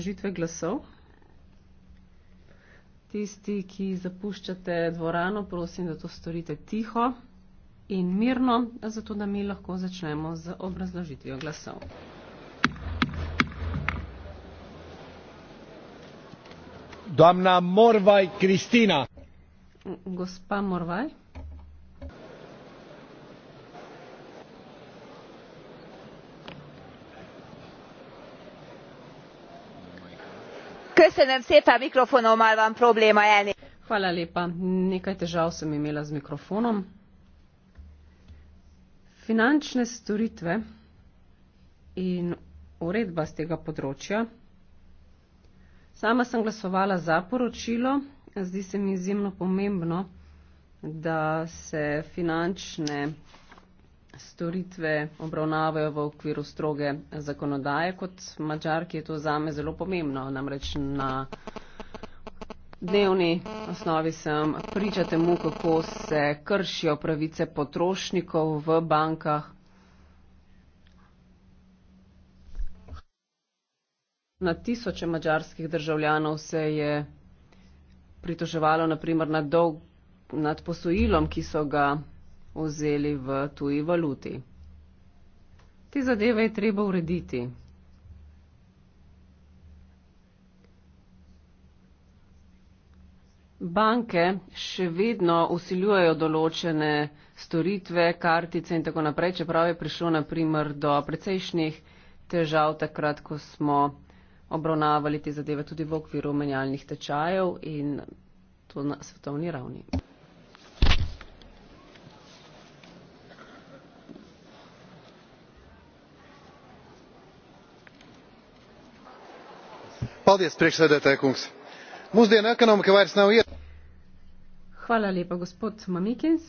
obrazložitve glasov. Tisti, ki zapuščate dvorano, prosim, da to storite tiho in mirno, zato da mi lahko začnemo z obrazložitvijo glasov. Doamna Morvaj Kristina. Gospa Morvaj. hvala lepa nekaj težav sem imela z mikrofonom finančne storitve in uredba z tega področja sama sem glasovala za poročilo zdi se mi izjemno pomembno da se finančne storitve obravnavajo v okviru stroge zakonodaje. Kot mačarki je to zame zelo pomembno, namreč na dnevni osnovi sem priča temu, kako se kršijo pravice potrošnikov v bankah. Na tisoče mačarskih državljanov se je pritoževalo naprimer nad, dolg, nad posojilom, ki so ga vzeli v tuji valuti. Te zadeve je treba urediti. Banke še vedno usiljujejo določene storitve, kartice in tako naprej, čeprav je prišlo naprimer do precejšnjih težav takrat, ko smo obravnavali te zadeve tudi v okviru menjalnih tečajev in to na svetovni ravni. gospodine predsjedniče mūsdienu ekonomika vairs nav iet. Hvala lijepa gospod Mamikins.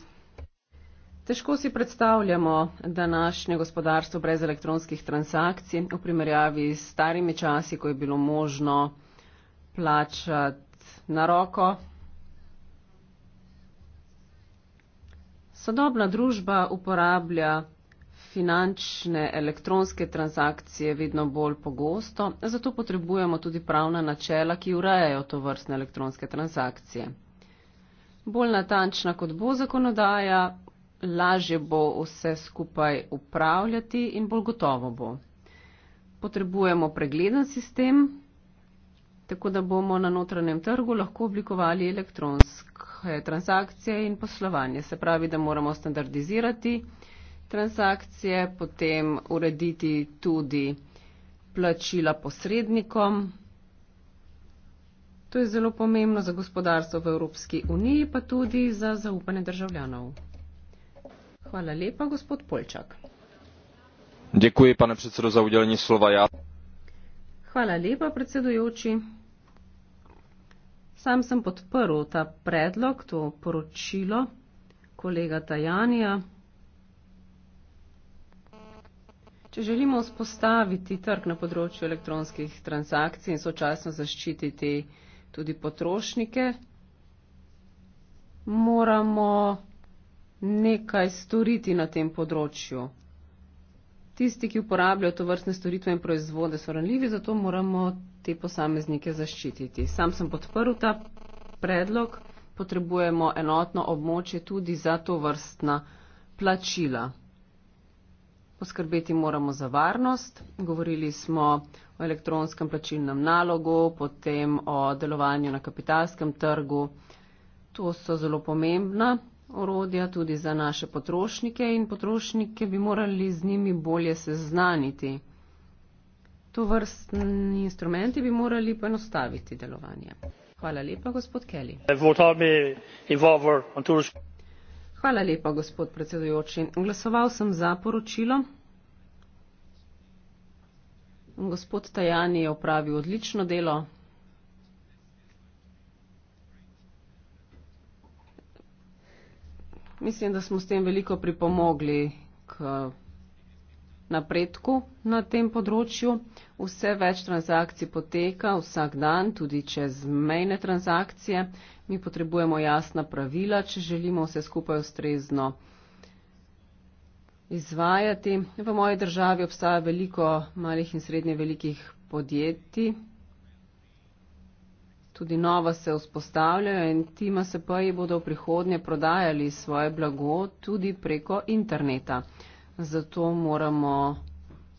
Težko si predstavljamo današnje gospodarstvo brez elektronskih transakcij v primerjavi s starimi časi, ko je bilo možno plačati na roko. Sodobna družba uporablja finančne elektronske transakcije vedno bolj pogosto, zato potrebujemo tudi pravna načela, ki urejajo to vrstne elektronske transakcije. Bolj natančna kot bo zakonodaja, lažje bo vse skupaj upravljati in bolj gotovo bo. Potrebujemo pregleden sistem, tako da bomo na notranjem trgu lahko oblikovali elektronske transakcije in poslovanje. Se pravi, da moramo standardizirati transakcije, potem urediti tudi plačila posrednikom. To je zelo pomembno za gospodarstvo v Evropski uniji, pa tudi za zaupanje državljanov. Hvala lepa, gospod Polčak. Děkuji, pane predsedo, za udelenje slova. Ja. Hvala lepa, predsedujoči. Sam sem podprl ta predlog, to poročilo kolega Tajanija. Če želimo spostaviti trg na področju elektronskih transakcij in sočasno zaščititi tudi potrošnike, moramo nekaj storiti na tem področju. Tisti, ki uporabljajo to vrstne storitve in proizvode, so ranljivi, zato moramo te posameznike zaščititi. Sam sem podprl ta predlog, potrebujemo enotno območje tudi za to vrstna plačila poskrbeti moramo za varnost. Govorili smo o elektronskem plačilnem nalogu, potem o delovanju na kapitalskem trgu. To so zelo pomembna orodja tudi za naše potrošnike in potrošnike bi morali z njimi bolje seznaniti. To vrstni instrumenti bi morali poenostaviti delovanje. Hvala lepa, gospod Kelly. Hvala lepa, gospod predsedujoči. Glasoval sem za poročilo. Gospod Tajani je opravil odlično delo. Mislim, da smo s tem veliko pripomogli k napredku na tem področju. Vse več transakcij poteka vsak dan, tudi čez mejne transakcije. Mi potrebujemo jasna pravila, če želimo vse skupaj ustrezno izvajati. V moji državi obstaja veliko malih in srednje velikih podjetij. Tudi nova se vzpostavljajo in ti MSP-ji bodo v prihodnje prodajali svoje blago tudi preko interneta zato moramo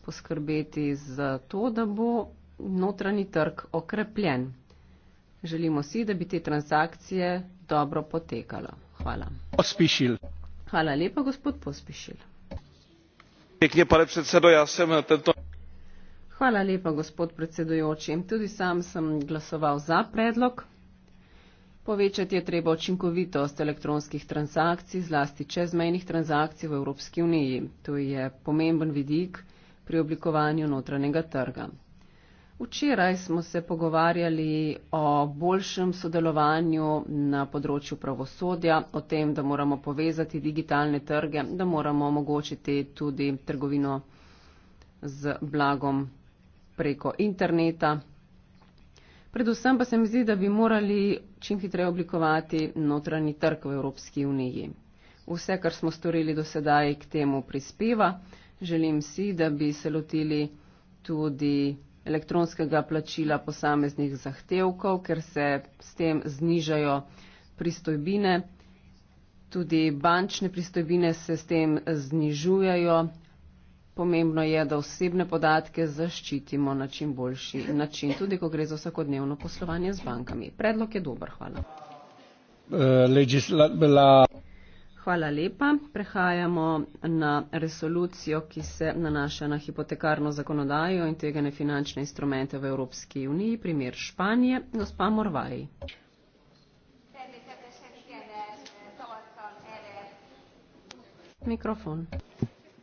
poskrbeti za to, da bo notranji trg okrepljen. Želimo si, da bi te transakcije dobro potekalo. Hvala. Pospišil. Hvala lepa, gospod Pospišil. Pekne, pane predsedo, ja sem na tento. Hvala lepa, gospod predsedujoči. Tudi sam sem glasoval za predlog. Povečati je treba očinkovitost elektronskih transakcij, zlasti čezmejnih transakcij v Evropski uniji. To je pomemben vidik pri oblikovanju notranjega trga. Včeraj smo se pogovarjali o boljšem sodelovanju na področju pravosodja, o tem, da moramo povezati digitalne trge, da moramo omogočiti tudi trgovino z blagom preko interneta. Predvsem pa se mi zdi, da bi morali čim hitreje oblikovati notranji trg v Evropski uniji. Vse, kar smo storili do sedaj, k temu prispeva. Želim si, da bi se lotili tudi elektronskega plačila posameznih zahtevkov, ker se s tem znižajo pristojbine. Tudi bančne pristojbine se s tem znižujajo, pomembno je, da osebne podatke zaščitimo na čim boljši način, tudi ko gre za vsakodnevno poslovanje z bankami. Predlog je dober, hvala. Eh, hvala lepa. Prehajamo na resolucijo, ki se nanaša na hipotekarno zakonodajo in tegane finančne instrumente v Evropski uniji. Primer Španije, gospa Morvaji. Mikrofon.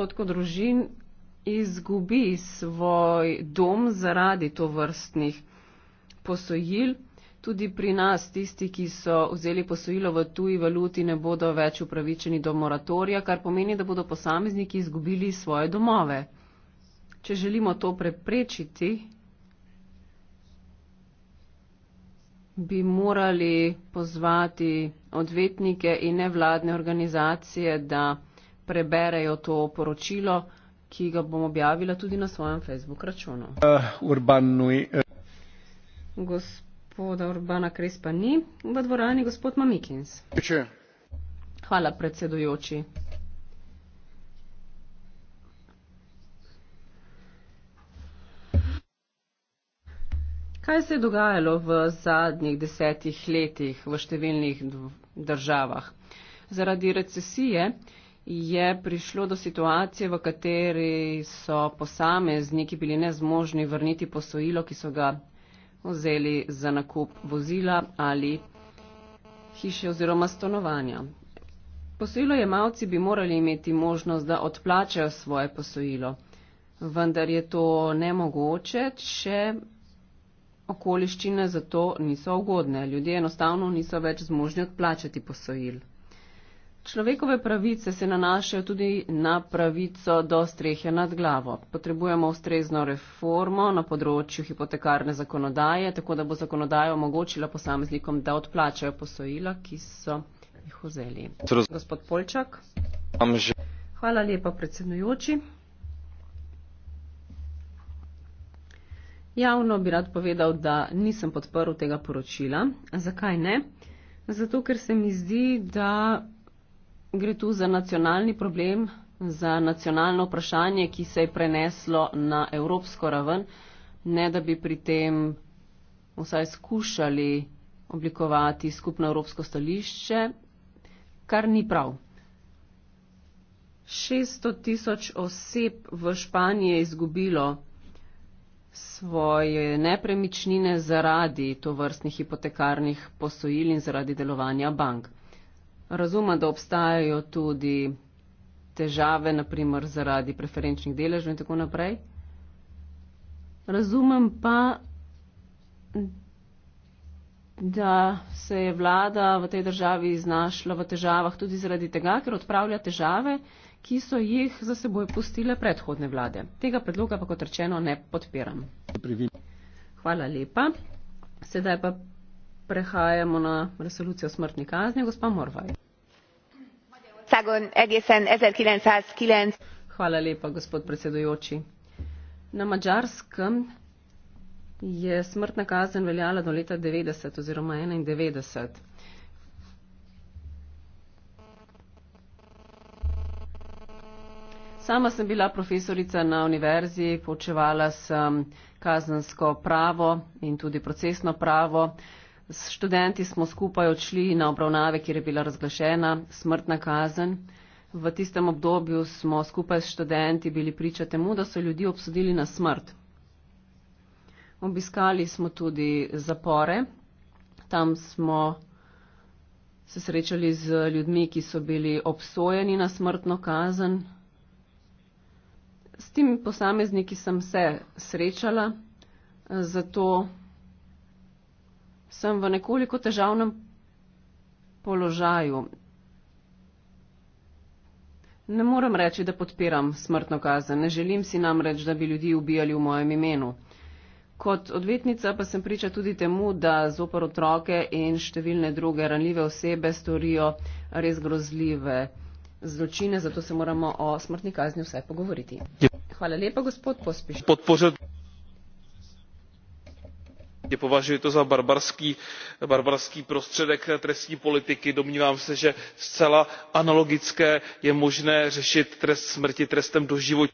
odstotkov družin izgubi svoj dom zaradi to vrstnih posojil. Tudi pri nas tisti, ki so vzeli posojilo v tuji valuti, ne bodo več upravičeni do moratorija, kar pomeni, da bodo posamezniki izgubili svoje domove. Če želimo to preprečiti, bi morali pozvati odvetnike in nevladne organizacije, da preberejo to poročilo, ki ga bom objavila tudi na svojem Facebook računu. Eh, eh. Gospoda Urbana Krespa ni v dvorani, gospod Mamikins. Hvala, predsedujoči. Kaj se je dogajalo v zadnjih desetih letih v številnih državah? Zaradi recesije je prišlo do situacije, v kateri so posamezniki bili nezmožni vrniti posojilo, ki so ga vzeli za nakup vozila ali hiše oziroma stanovanja. Posojilo jemalci bi morali imeti možnost, da odplačajo svoje posojilo, vendar je to nemogoče, če okoliščine za to niso ugodne. Ljudje enostavno niso več zmožni odplačati posojil. Človekove pravice se nanašajo tudi na pravico do strehe nad glavo. Potrebujemo ustrezno reformo na področju hipotekarne zakonodaje, tako da bo zakonodaja omogočila posameznikom, da odplačajo posojila, ki so jih vzeli. Gospod Polčak. Hvala lepa, predsednujoči. Javno bi rad povedal, da nisem podprl tega poročila. Zakaj ne? Zato, ker se mi zdi, da gre tu za nacionalni problem, za nacionalno vprašanje, ki se je preneslo na evropsko raven, ne da bi pri tem vsaj skušali oblikovati skupno evropsko stališče, kar ni prav. 600 tisoč oseb v Španiji je izgubilo svoje nepremičnine zaradi tovrstnih hipotekarnih posojil in zaradi delovanja bank. Razumem, da obstajajo tudi težave, naprimer zaradi preferenčnih deležov in tako naprej. Razumem pa, da se je vlada v tej državi znašla v težavah tudi zaradi tega, ker odpravlja težave, ki so jih za seboj pustile predhodne vlade. Tega predloga pa kot rečeno ne podpiram. Hvala lepa. Sedaj pa Prehajamo na resolucijo o smrtni kazni, gospa Morvaj. Hvala lepa, gospod predsedujoči. Na mačarskem je smrtna kazen veljala do leta 90 oziroma 91. Sama sem bila profesorica na univerzi, poučevala sem kazensko pravo in tudi procesno pravo. S študenti smo skupaj odšli na obravnave, kjer je bila razglašena smrtna kazen. V tistem obdobju smo skupaj s študenti bili priča temu, da so ljudi obsodili na smrt. Obiskali smo tudi zapore. Tam smo se srečali z ljudmi, ki so bili obsojeni na smrtno kazen. S tem posamezniki sem se srečala, zato sem v nekoliko težavnem položaju. Ne morem reči, da podpiram smrtno kazen, ne želim si namreč, da bi ljudi ubijali v mojem imenu. Kot odvetnica pa sem priča tudi temu, da zopr otroke in številne druge ranljive osebe storijo res grozljive zločine, zato se moramo o smrtni kazni vse pogovoriti. Hvala lepa, gospod Pospiš. Podpožet já považuji to za barbarský prostředek trestní politiky domnívám se že zcela analogicky je možné řešit trest smrti trestem doživotí.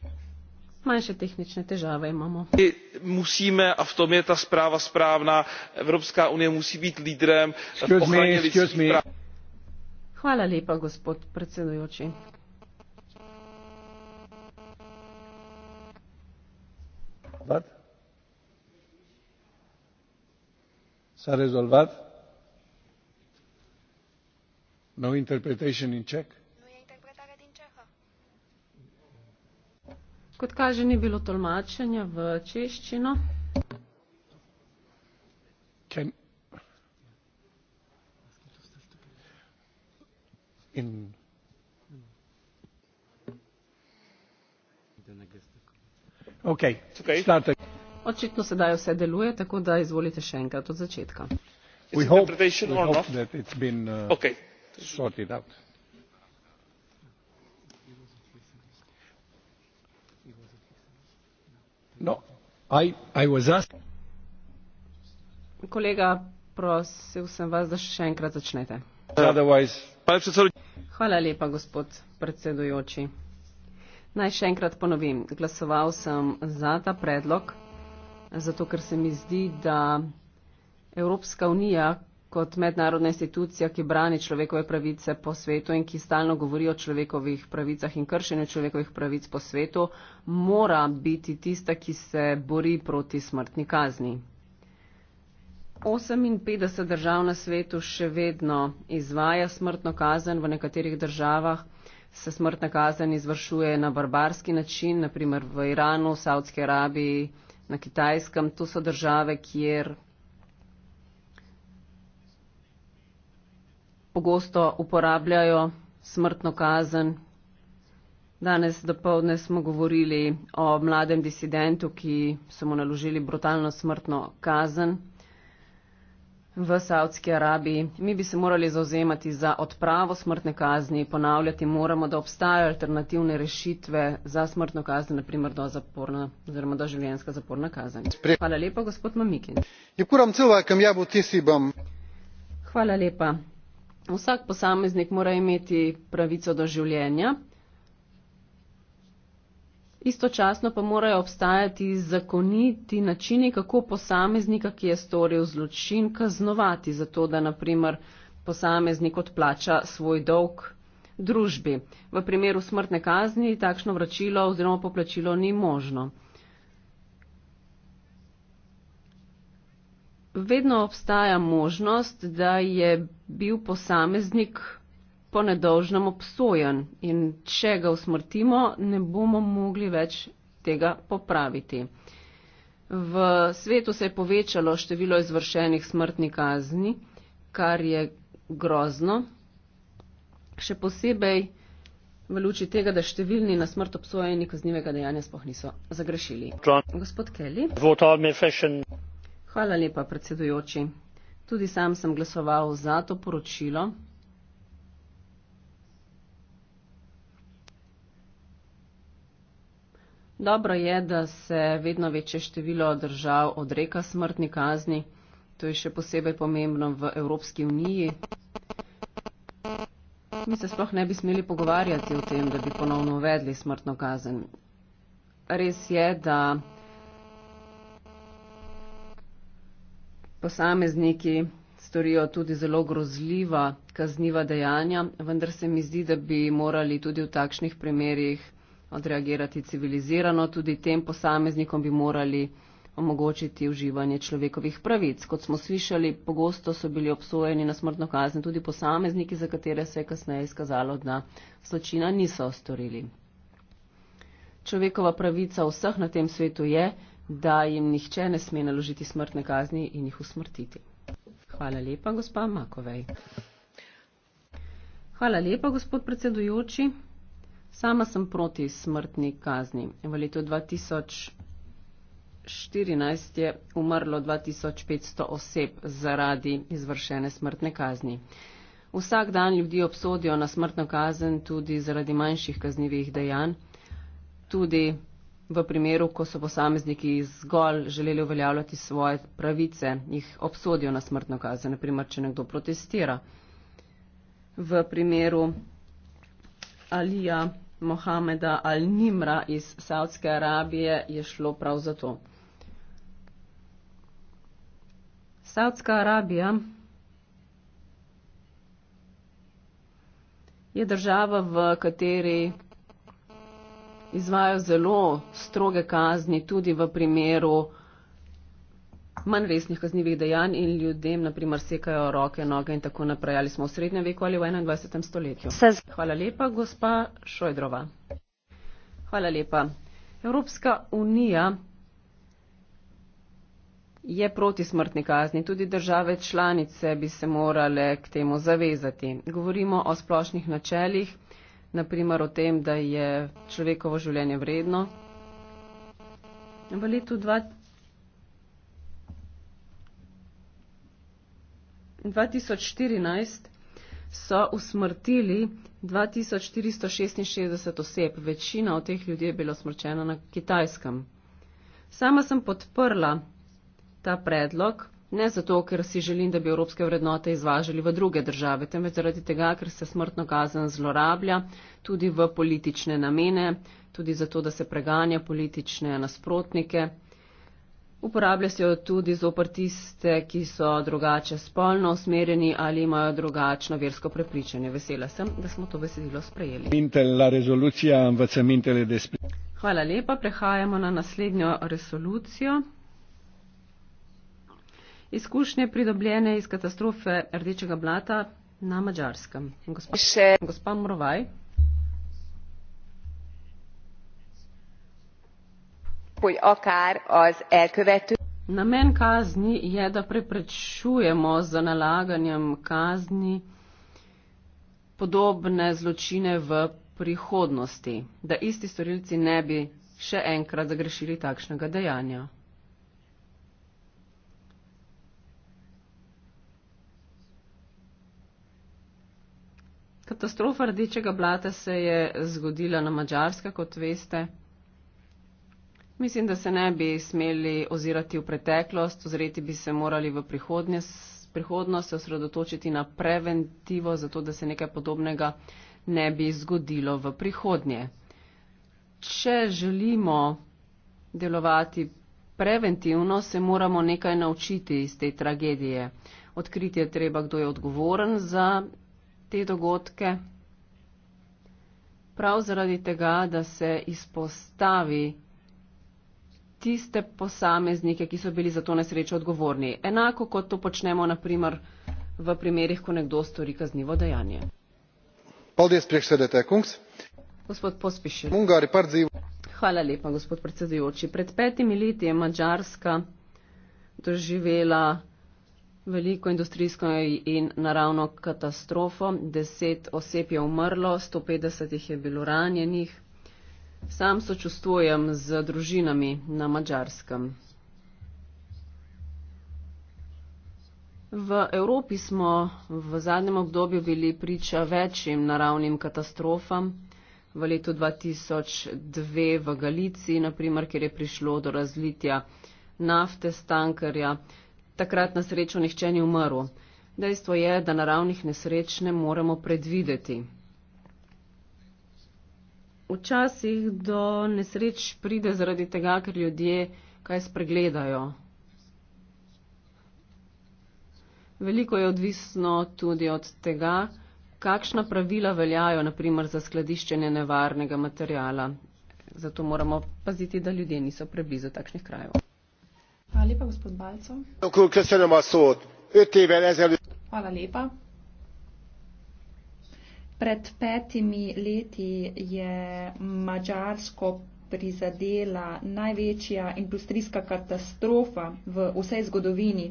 my musíme a v tom je ta zpráva správná evropská unie musí být lídrem v ochraně lidských práv. sa rezolvat no interpretation in check e Kot kaže, ni bilo tolmačenja v češčino. Can... In... Okay. Okay. Očitno sedaj vse deluje, tako da izvolite še enkrat od začetka. Uh, no, Kolega, prosil sem vas, da še enkrat začnete. Hvala lepa, gospod predsedujoči. Naj še enkrat ponovim. Glasoval sem za ta predlog zato ker se mi zdi, da Evropska unija kot mednarodna institucija, ki brani človekove pravice po svetu in ki stalno govori o človekovih pravicah in kršenju človekovih pravic po svetu, mora biti tista, ki se bori proti smrtni kazni. 58 držav na svetu še vedno izvaja smrtno kazen, v nekaterih državah se smrtna kazen izvršuje na barbarski način, naprimer v Iranu, Saudski Arabiji, na kitajskem, to so države, kjer pogosto uporabljajo smrtno kazen. Danes dopoledne smo govorili o mladem disidentu, ki so mu naložili brutalno smrtno kazen v Saudski Arabiji. Mi bi se morali zauzemati za odpravo smrtne kazni, ponavljati moramo, da obstajajo alternativne rešitve za smrtno kazen, naprimer do zaporna oziroma do življenjska zaporna kazen. Hvala lepa, gospod Mamikin. Ja Hvala lepa. Vsak posameznik mora imeti pravico do življenja, istočasno pa morajo obstajati zakoniti načini, kako posameznika, ki je storil zločin, kaznovati za to, da naprimer posameznik odplača svoj dolg družbi. V primeru smrtne kazni takšno vračilo oziroma poplačilo ni možno. Vedno obstaja možnost, da je bil posameznik po nedolžnem obsojen in če ga usmrtimo, ne bomo mogli več tega popraviti. V svetu se je povečalo število izvršenih smrtnih kazni, kar je grozno. Še posebej v luči tega, da številni na smrt obsojeni kaznivega dejanja sploh niso zagrešili. Gospod Kelly. Hvala lepa, predsedujoči. Tudi sam sem glasoval za to poročilo. Dobro je, da se vedno večje število držav odreka smrtni kazni. To je še posebej pomembno v Evropski uniji. Mi se sploh ne bi smeli pogovarjati o tem, da bi ponovno uvedli smrtno kazen. Res je, da posamezniki storijo tudi zelo grozljiva kazniva dejanja, vendar se mi zdi, da bi morali tudi v takšnih primerjih odreagirati civilizirano, tudi tem posameznikom bi morali omogočiti uživanje človekovih pravic. Kot smo slišali, pogosto so bili obsojeni na smrtno kazen tudi posamezniki, za katere se je kasneje izkazalo, da zločina niso storili. Človekova pravica vseh na tem svetu je, da jim nihče ne sme naložiti smrtne kazni in jih usmrtiti. Hvala lepa, gospa Makovej. Hvala lepa, gospod predsedujoči. Sama sem proti smrtni kazni. V letu 2014 je umrlo 2500 oseb zaradi izvršene smrtne kazni. Vsak dan ljudi obsodijo na smrtno kazen tudi zaradi manjših kaznjivih dejanj, tudi v primeru, ko so posamezniki zgolj želeli uveljavljati svoje pravice, jih obsodijo na smrtno kazen, naprimer, če nekdo protestira. V primeru Alija Mohameda Al-Nimra iz Saudske Arabije je šlo prav zato. Saudska Arabija je država, v kateri izvajo zelo stroge kazni tudi v primeru manj resnih kaznjivih dejanj in ljudem, naprimer, sekajo roke, noge in tako naprej, ali smo v srednjem veku ali v 21. stoletju. Hvala lepa, gospa Šojdrova. Hvala lepa. Evropska unija je proti smrtni kazni. Tudi države članice bi se morale k temu zavezati. Govorimo o splošnih načeljih, naprimer o tem, da je človekovo življenje vredno. V letu 2020. 2014 so usmrtili 2466 oseb. Večina od teh ljudi je bila smrčena na kitajskem. Sama sem podprla ta predlog, ne zato, ker si želim, da bi evropske vrednote izvažali v druge države, temveč zaradi tega, ker se smrtno kazen zlorablja tudi v politične namene, tudi zato, da se preganja politične nasprotnike. Uporablja se jo tudi zopr tiste, ki so drugače spolno usmerjeni ali imajo drugačno versko prepričanje. Vesela sem, da smo to besedilo sprejeli. Hvala lepa. Prehajamo na naslednjo resolucijo. Izkušnje pridobljene iz katastrofe rdečega blata na Mačarskem. Gospa, gospa Morovaj. hogy akár az elkövető. Namen kazni je, da preprečujemo z nalaganjem kazni podobne zločine v prihodnosti, da isti storilci ne bi še enkrat zagrešili takšnega dejanja. Katastrofa rdečega blata se je zgodila na Mačarska, kot veste. Mislim, da se ne bi smeli ozirati v preteklost, ozreti bi se morali v prihodnost, se osredotočiti na preventivo, zato da se nekaj podobnega ne bi zgodilo v prihodnje. Če želimo delovati preventivno, se moramo nekaj naučiti iz te tragedije. Odkriti je treba, kdo je odgovoren za te dogodke. Prav zaradi tega, da se izpostavi tiste posameznike, ki so bili za to nesrečo odgovorni, enako kot to počnemo naprimer v primerih, ko nekdo stori kaznivo dejanje. Gospod Pospišić. Hvala lepa, gospod predsedujoči. Pred petimi leti je Mačarska doživela veliko industrijsko in naravno katastrofo. Deset oseb je umrlo, 150 jih je bilo ranjenih. Sam sočustvujem z družinami na Mačarskem. V Evropi smo v zadnjem obdobju bili priča večjim naravnim katastrofam. V letu 2002 v Galiciji, naprimer, kjer je prišlo do razlitja nafte stankarja, takrat na srečo nihče ni umrl. Dejstvo je, da naravnih nesreč ne moremo predvideti včasih do nesreč pride zaradi tega, ker ljudje kaj spregledajo. Veliko je odvisno tudi od tega, kakšna pravila veljajo, naprimer za skladiščenje nevarnega materijala. Zato moramo paziti, da ljudje niso preblizu takšnih krajev. Hvala lepa, gospod Balco. Hvala lepa. Pred petimi leti je Mačarsko prizadela največja industrijska katastrofa v vsej zgodovini.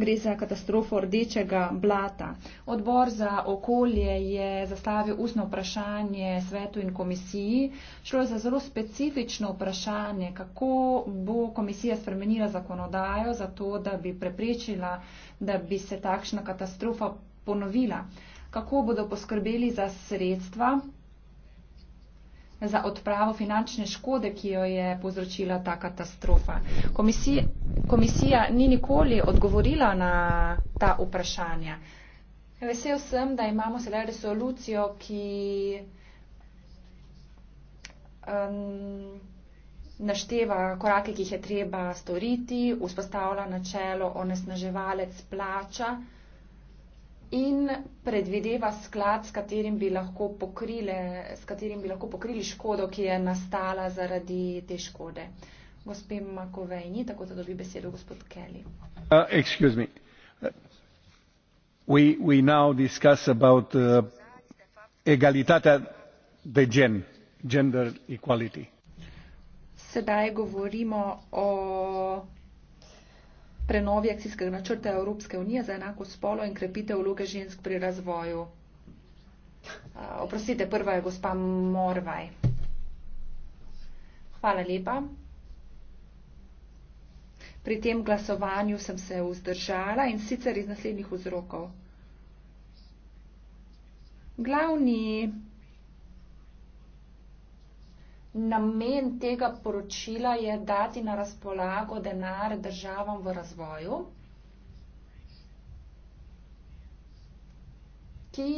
Gre za katastrofo rdečega blata. Odbor za okolje je zastavil ustno vprašanje svetu in komisiji. Šlo je za zelo specifično vprašanje, kako bo komisija spremenila zakonodajo, zato da bi preprečila, da bi se takšna katastrofa ponovila kako bodo poskrbeli za sredstva za odpravo finančne škode, ki jo je povzročila ta katastrofa. Komisija, komisija ni nikoli odgovorila na ta vprašanja. Vesel sem, da imamo sedaj resolucijo, ki um, našteva korake, ki jih je treba storiti, vzpostavlja načelo onesnaževalec plača in predvideva sklad, s katerim bi lahko pokrile, s katerim bi lahko pokrili škodo, ki je nastala zaradi te škode. Gospe Makovej, ni tako, da dobi besedo gospod Kelly. Uh, uh, uh Sedaj govorimo o prenovi akcijskega načrta Evropske unije za enako spolo in krepitev vloge žensk pri razvoju. Oprostite, prva je gospa Morvaj. Hvala lepa. Pri tem glasovanju sem se vzdržala in sicer iz naslednjih vzrokov. Glavni Namen tega poročila je dati na razpolago denar državam v razvoju, ki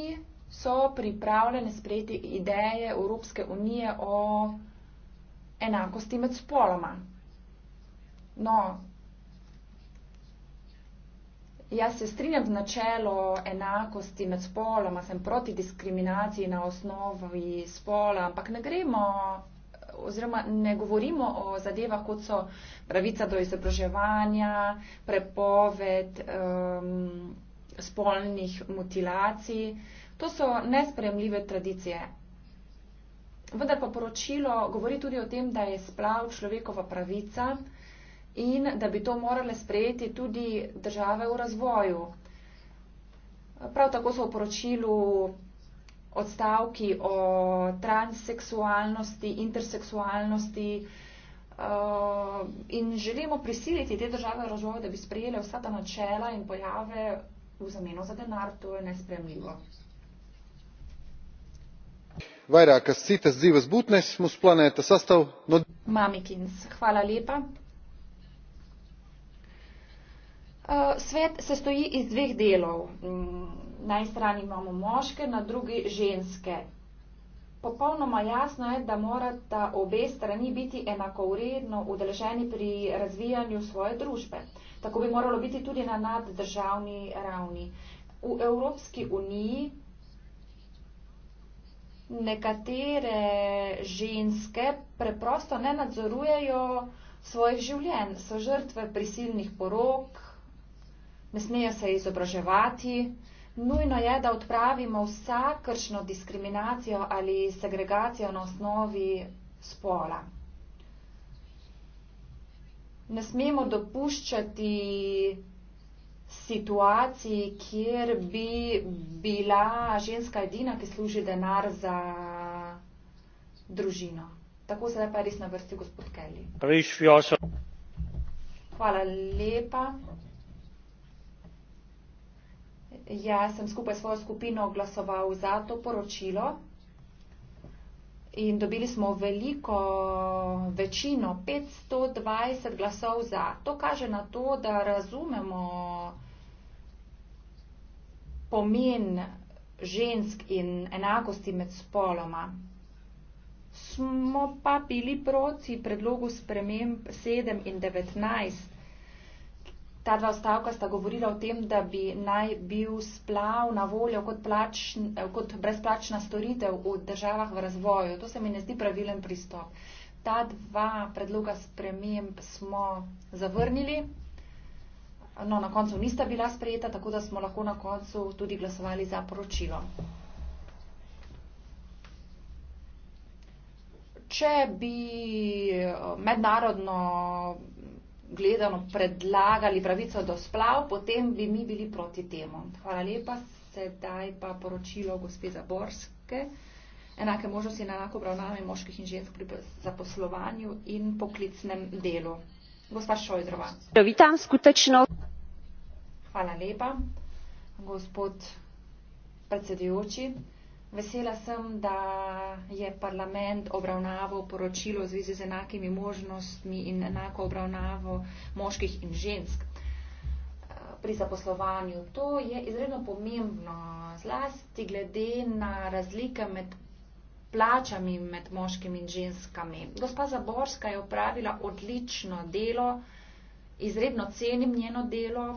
so pripravljene sprejeti ideje Evropske unije o enakosti med spoloma. No, jaz se strinjam z načelo enakosti med spoloma, sem proti diskriminaciji na osnovi spola, ampak ne gremo oziroma ne govorimo o zadevah, kot so pravica do izobraževanja, prepoved um, spolnih mutilacij. To so nespremljive tradicije. Vendar pa poročilo govori tudi o tem, da je splav človekova pravica in da bi to morale sprejeti tudi države v razvoju. Prav tako so v poročilu odstavki o transseksualnosti, interseksualnosti eh, in želimo prisiliti te države v razvoju, da bi sprejele vsa ta načela in pojave v zameno za denar. To je nespremljivo. Vairākas citas dzīves būtnes mūsu planēta sastāv no. Mamikins, hvala lepa. Uh, svet sastoji iz dveh delov. Mm na eni strani imamo moške, na drugi ženske. Popolnoma jasno je, da morata obe strani biti enakovredno udeleženi pri razvijanju svoje družbe. Tako bi moralo biti tudi na naddržavni ravni. V Evropski uniji nekatere ženske preprosto ne nadzorujejo svojih življenj, so žrtve prisilnih porok, ne smejo se izobraževati, Nujno je, da odpravimo vsakršno diskriminacijo ali segregacijo na osnovi spola. Ne smemo dopuščati situaciji, kjer bi bila ženska edina, ki služi denar za družino. Tako se pa res na vrsti gospod Kelly. Hvala lepa jaz sem skupaj s svojo skupino glasoval za to poročilo in dobili smo veliko večino, 520 glasov za. To kaže na to, da razumemo pomen žensk in enakosti med spoloma. Smo pa bili proti predlogu sprememb 7 in 19 ta dva stavka sta govorila o tem, da bi naj bil splav na voljo kot, plač, kot brezplačna storitev v državah v razvoju. To se mi ne zdi pravilen pristop. Ta dva predloga sprememb smo zavrnili. No, na koncu nista bila sprejeta, tako da smo lahko na koncu tudi glasovali za poročilo. Če bi eh, mednarodno gledano predlagali pravico do splav, potem bi mi bili proti temu. Hvala lepa, sedaj pa poročilo gospe Zaborske. Enake možnosti in enako obravnavanje moških in žensk pri zaposlovanju in poklicnem delu. Gospa Šojdrova. Vitam, skutečno. Hvala lepa, gospod predsedujoči. Vesela sem, da je parlament obravnaval poročilo v zvezi z enakimi možnostmi in enako obravnavo moških in žensk eh, pri zaposlovanju. To je izredno pomembno, zlasti glede na razlike med plačami med moškimi in ženskami. Gospa Zaborska je upravila odlično delo, izredno cenim njeno delo,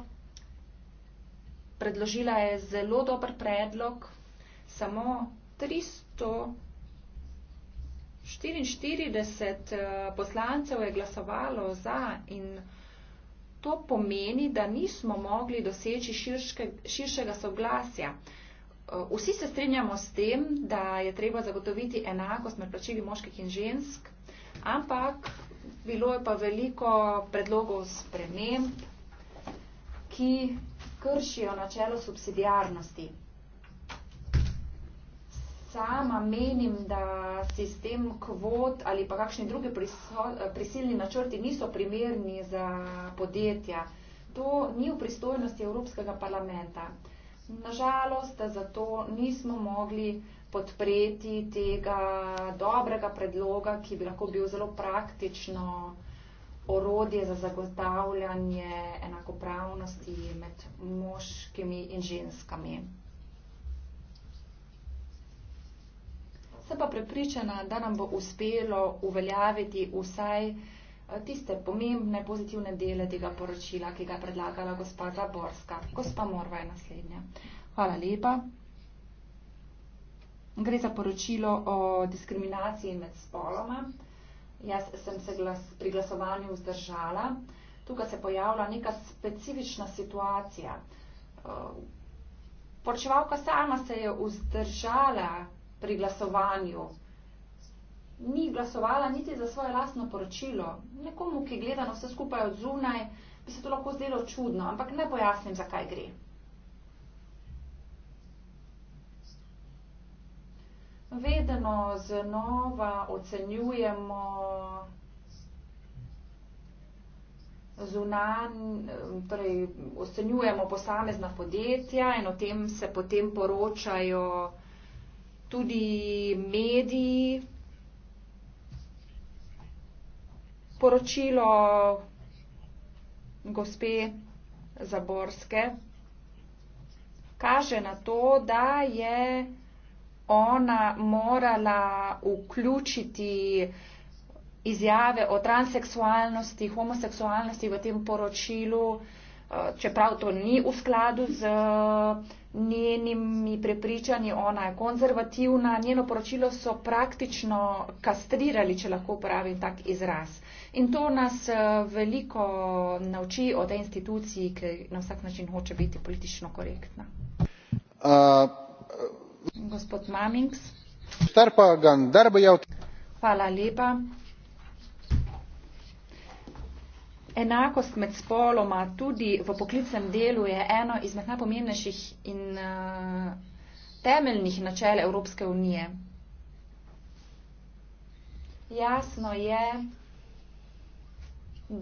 predložila je zelo dober predlog samo 344 eh, poslancev je glasovalo za in to pomeni, da nismo mogli doseči širške, širšega soglasja. Eh, vsi se strinjamo s tem, da je treba zagotoviti enakost med plačili moških in žensk, ampak bilo je pa veliko predlogov sprememb, ki kršijo načelo subsidijarnosti sama menim, da sistem kvot ali pa kakšni drugi prisilni načrti niso primerni za podjetja. To ni v pristojnosti Evropskega parlamenta. Nažalost, zato nismo mogli podpreti tega dobrega predloga, ki bi lahko bil zelo praktično orodje za zagotavljanje enakopravnosti med moškimi in ženskami. Sem pa prepričana, da nam bo uspelo uveljaviti vsaj eh, tiste pomembne pozitivne dele tega poročila, ki ga je predlagala gospa Zaborska. Gospa Morva je naslednja. Hvala lepa. Gre za poročilo o diskriminaciji med spoloma. Jaz sem se glas, pri glasovanju vzdržala. Tukaj se pojavlja neka specifična situacija. Eh, poročevalka sama se je vzdržala pri glasovanju. Ni glasovala niti za svoje lastno poročilo. Nekomu, ki gleda na vse skupaj od zunaj, bi se to lahko zdelo čudno, ampak ne pojasnim, zakaj gre. Vedno znova ocenjujemo zunan, torej ocenjujemo posamezna podjetja in o tem se potem poročajo tudi mediji, poročilo gospe Zaborske kaže na to, da je ona morala vključiti izjave o transseksualnosti, homoseksualnosti v tem poročilu, eh, čeprav to ni v skladu z uh, njenimi prepričanji, ona je konzervativna, njeno poročilo so praktično kastrirali, če lahko uporabim tak izraz. In to nas eh, veliko nauči o tej instituciji, ki na vsak način hoče biti politično korektna. Uh, gospod Mamings. Hvala lepa. enakost med spoloma tudi v poklicnem delu je eno izmed najpomembnejših in uh, temeljnih načel Evropske unije. Jasno je,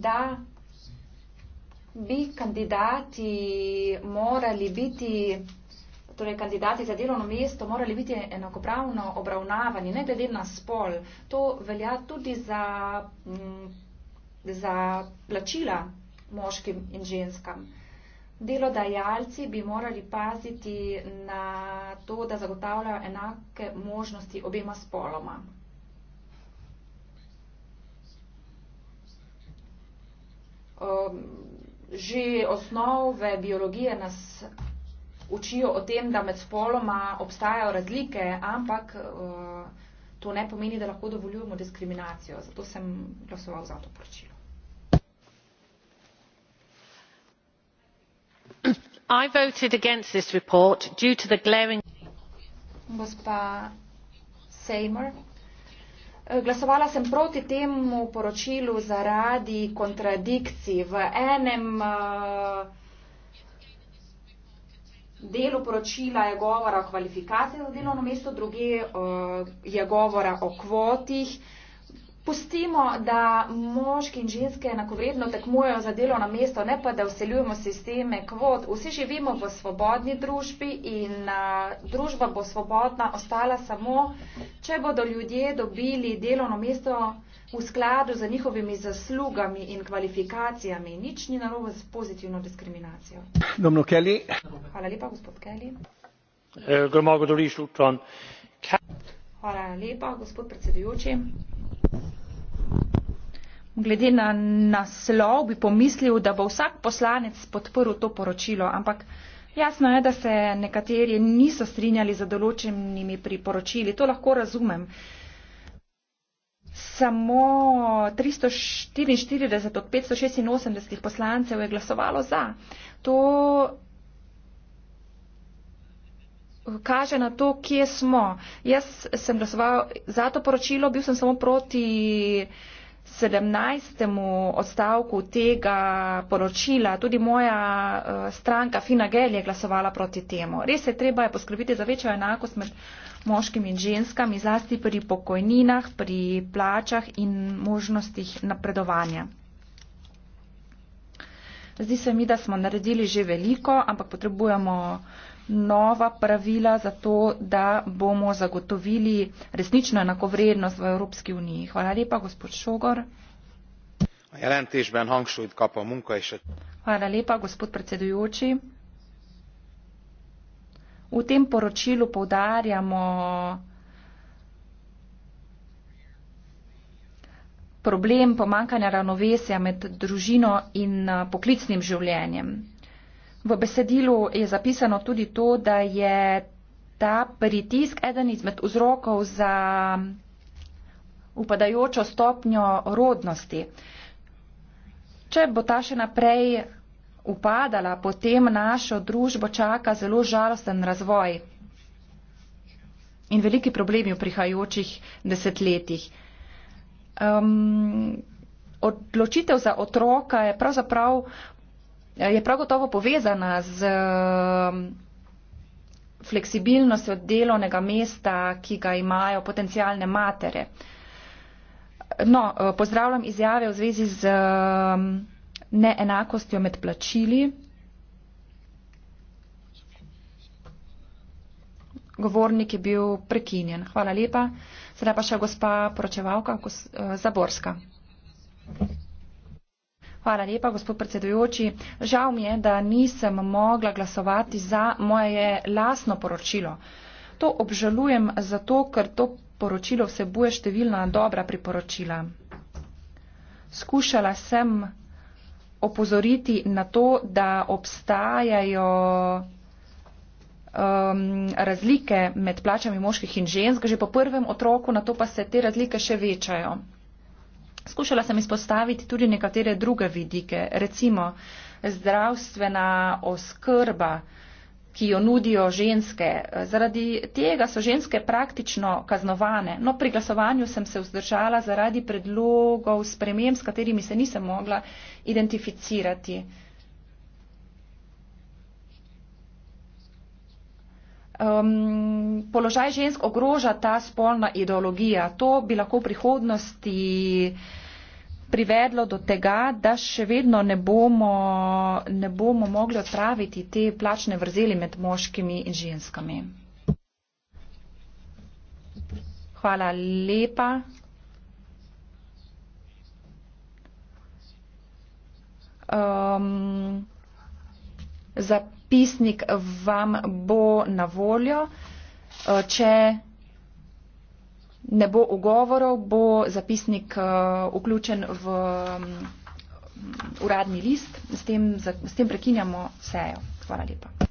da bi kandidati morali biti torej kandidati za delovno mesto morali biti enakopravno obravnavani, ne glede na spol. To velja tudi za m, mm, za plačila moškim in ženskam. Delodajalci bi morali paziti na to, da zagotavljajo enake možnosti obema spoloma. Um, že osnove biologije nas učijo o tem, da med spoloma obstajajo razlike, ampak uh, to ne pomeni, da lahko dovoljujemo diskriminacijo. Zato sem glasoval za to poročilo. i voted against this report due to the glaring. Eh, glasovala sem proti temu poročilu zaradi kontradikcij v enem eh, delu poročila je govora o kvalifikacijah za delovno mesto druge eh, je govora o kvotih pustimo, da moški in ženske enakovredno tekmujejo za delo na mesto, ne pa da vseljujemo sisteme kvot. Vsi živimo v svobodni družbi in a, družba bo svobodna ostala samo, če bodo ljudje dobili delovno mesto v skladu z njihovimi zaslugami in kvalifikacijami. Nič ni narobe s pozitivno diskriminacijo. Hvala lepa, gospod Kelly. Eh, Hvala lepa, gospod predsedujoči. Glede na naslov bi pomislil, da bo vsak poslanec podprl to poročilo, ampak jasno je, da se nekateri niso strinjali za določenimi priporočili. To lahko razumem. Samo 344 od 586 poslancev je glasovalo za. To kaže na to, kje smo. Jaz sem glasoval za to poročilo, bil sem samo proti 17. odstavku tega poročila. Tudi moja eh, stranka Fina Gel je glasovala proti temu. Res je treba je poskrbiti za večjo enakost med moškimi in ženskami, zlasti pri pokojninah, pri plačah in možnostih napredovanja. Zdi se mi, da smo naredili že veliko, ampak potrebujemo uh, nova pravila za to, da bomo zagotovili resnično enakovrednost v Evropski uniji. Hvala lepa, gospod Šogor. A jelentésben hangsúlyt kap a munka és a... Hvala lepa, gospod predsedujoči. V tem poročilu poudarjamo problem pomankanja ravnovesja med družino in poklicnim življenjem. V besedilu je zapisano tudi to, da je ta pritisk eden izmed vzrokov za upadajočo stopnjo rodnosti. Če bo ta še naprej upadala, potem našo družbo čaka zelo žalosten razvoj in veliki problemi v prihajajočih desetletjih. Um, odločitev za otroka je pravzaprav je prav gotovo povezana z um, fleksibilnostjo delovnega mesta, ki ga imajo potencijalne matere. No, uh, pozdravljam izjave v zvezi z um, neenakostjo med plačili. Govornik je bil prekinjen. Hvala lepa. Sedaj pa še gospa poročevalka uh, Zaborska. Thank you. Hvala lepa, gospod predsedujoči. Žal mi je, da nisem mogla glasovati za moje lasno poročilo. To obžalujem zato, ker to poročilo vsebuje številna dobra priporočila. Skušala sem opozoriti na to, da obstajajo um, razlike med plačami moških in žensk, že po prvem otroku, na to pa se te razlike še večajo. Skušala sem izpostaviti tudi nekatere druge vidike, recimo zdravstvena oskrba, ki jo nudijo ženske. Zaradi tega so ženske praktično kaznovane. No, pri glasovanju sem se vzdržala zaradi predlogov, sprememb, s katerimi se nisem mogla identificirati. um, položaj žensk ogroža ta spolna ideologija. To bi lahko v prihodnosti privedlo do tega, da še vedno ne bomo, ne bomo mogli odpraviti te plačne vrzeli med moškimi in ženskami. Hvala lepa. Um, za pisnik vam bo na voljo. Eh, če ne bo ugovorov, bo zapisnik eh, vključen v mm, uradni list. S tem, s tem prekinjamo sejo. Hvala lepa.